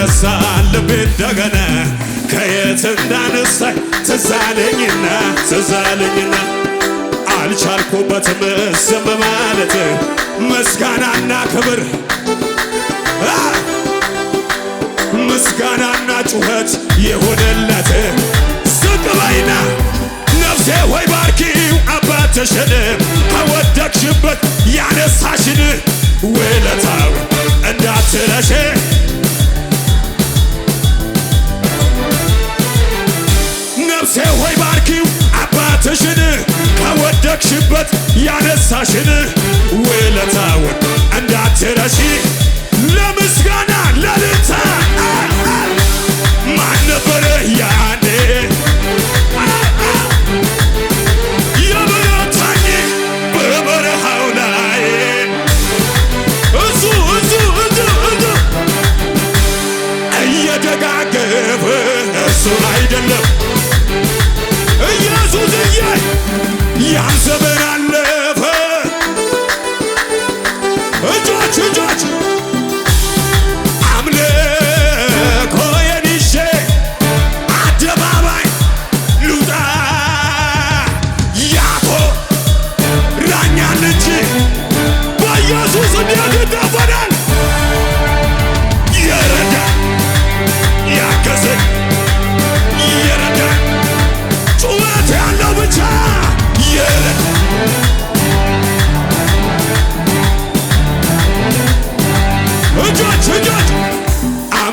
ተነሳ ልቤ እንደገና ከየት እንዳነሳኝ ትዝ አለኝና ትዝ አለኝና አልቻልኩበትም ዝም ማለት ምስጋናና ክብር ምስጋናና ጩኸት የሆነለት ዝቅ በይና ነፍሴ ሆይ ባርኪው አባትሽን ከወደቅሽበት ያነሳሽን ውለታው እንዳትረሽ ንጉሴ ሆይ ባርኪው አባትሽን ከወደቅሽበት ያነሳሽን ውለታውን እንዳትረሺ ለምስጋና ለልታ ማን ነበረ ያ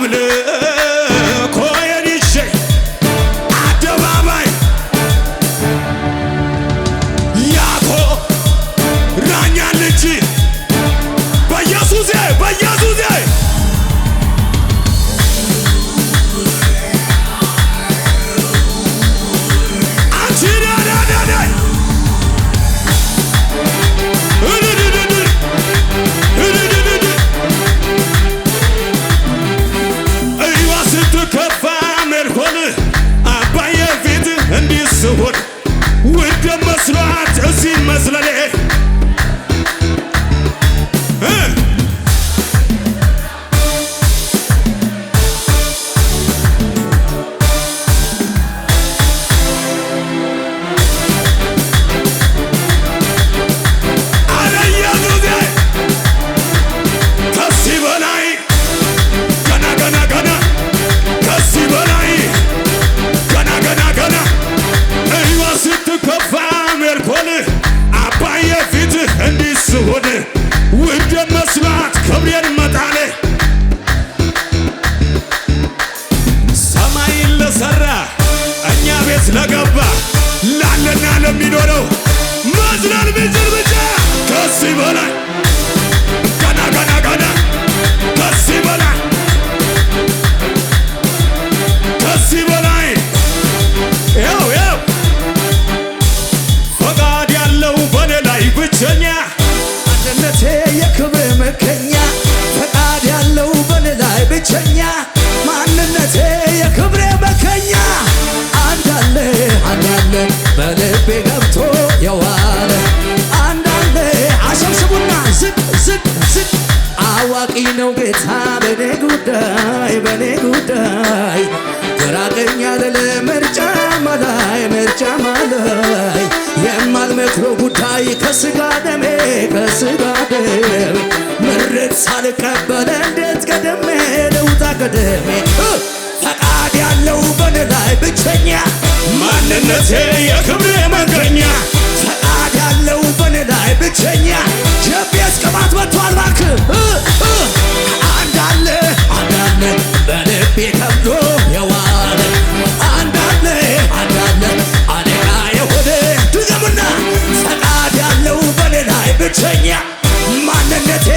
Lule ውድ መስሏት እዚህ መዝለሌ ነው ጌታ በኔ ጉዳይ በኔ ጉዳይ ግራ ቀኝ አልል ምርጫ ማላይ ምርጫ ማላይ የማልመክረው ጉዳይ ከስጋ ደሜ ከስጋ ደሜ ምርት ሳልቀበል እንዴት ቀደሜ ልውጣ ቀደሜ ፈቃድ ያለው በኔ ላይ ብቸኛ ማንነቴ የክብሬ መገኛ እልልተኛ ማንነቴ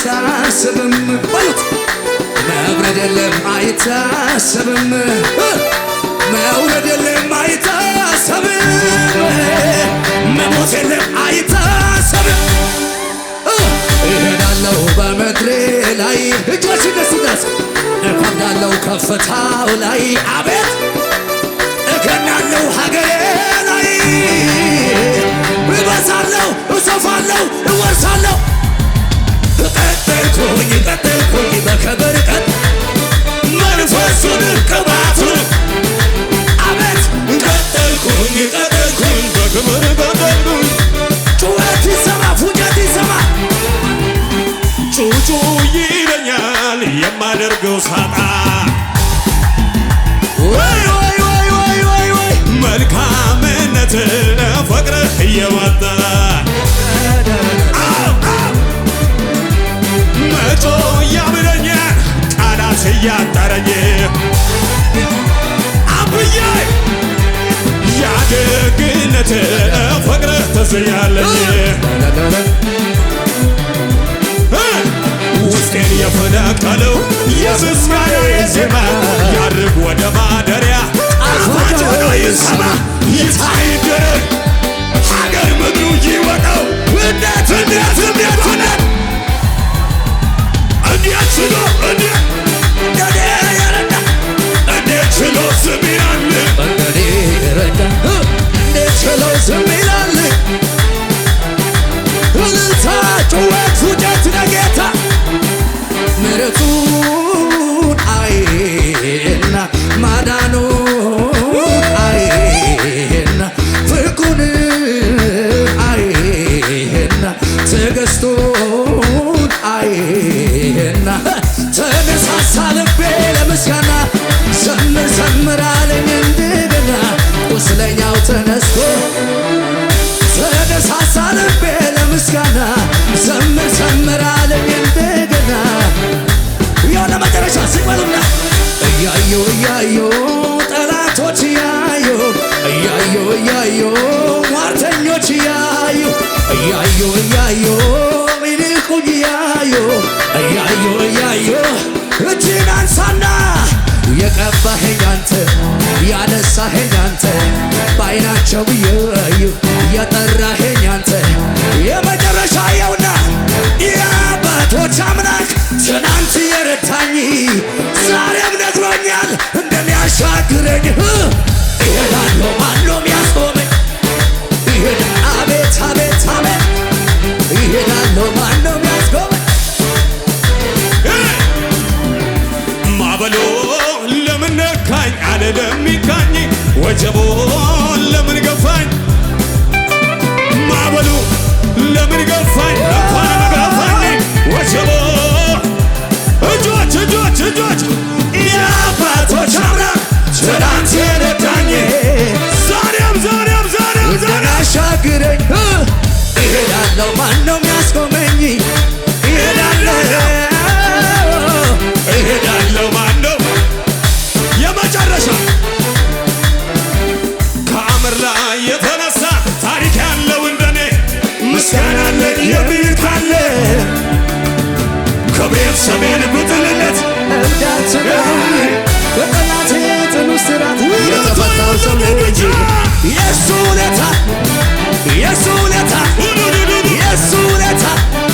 አይታሰብም ባሉት መውረድ የለም አይታሰብም መውረድ የለም አይታሰብም መሞት የለም አይታሰብም እሄዳለሁ በምድሬ ላይ እጃችን ደስ ይላስ ከፍታው ላይ አቤት እገናለሁ ሀገሬ ላይ እበዛለሁ እሰፋለሁ እወርሳለሁ ቀጠልኩኝ ቀጠልኩኝ በከበር ቀጥ መንፈሱን ቅባቱን አቤት ቀጠልኩኝ ቀጠልኩኝ በክብር ቀጠልኩኝ ጩኸት ይሰማ ፉጨት ይሰማ ጩጩ ይለኛል የማደርገው ሳጣ ወይ ወይ ወይ ወይ ወይ መልካምነትን ፈቅረህ እየወጣ እቶ እያምረኝ ጠላት እያጠረኝ አብዬ ያደግነት ፍቅር ተስያለኝ ውስጤን የፈነቀለው የምስጋና ዜማ ያድርግ ወደ ማደሪያ ቃላቸው ይሰማ ይታይ Сердцу እያዩ እያዩ ጠላቶች እያዩ እያዩ እያዩ ሟርተኞች እያዩ እያዩ እያዩ ሚንቁኝ እያዩ እያዩ እያዩ እጅን አንሳና የቀባኸኝ አንተ ያነሳኸኝ አንተ በዓይናቸው እያዩ የጠራኸኝ አንተ የመጨረሻ የውና የአባቶች አምላክ ትናንት የረታኝ ዛሬም ነግሮኛል እንደሚያሻግረኝ ይሄዳለሁ ማንም ያስቆመኝ ይሄድ አቤት አቤት አቤት ይሄዳለሁ ማንም ያስቆመኝ ማበሎ ለምን ነካኝ አለ ለሚካኝ ወጀቦ ያስቆመኝ ይሄዳለሁ ይሄዳለሁ ማነው የመጨረሻ ከአምር ላይ የተነሳ ታሪክ ያለው እንደኔ ምስጋና አለን የሚል ካለ ከቤት ሰሜን ብጥልለት በጠላቴ ውለታ የእሱ ውለታ የሱ ውለታ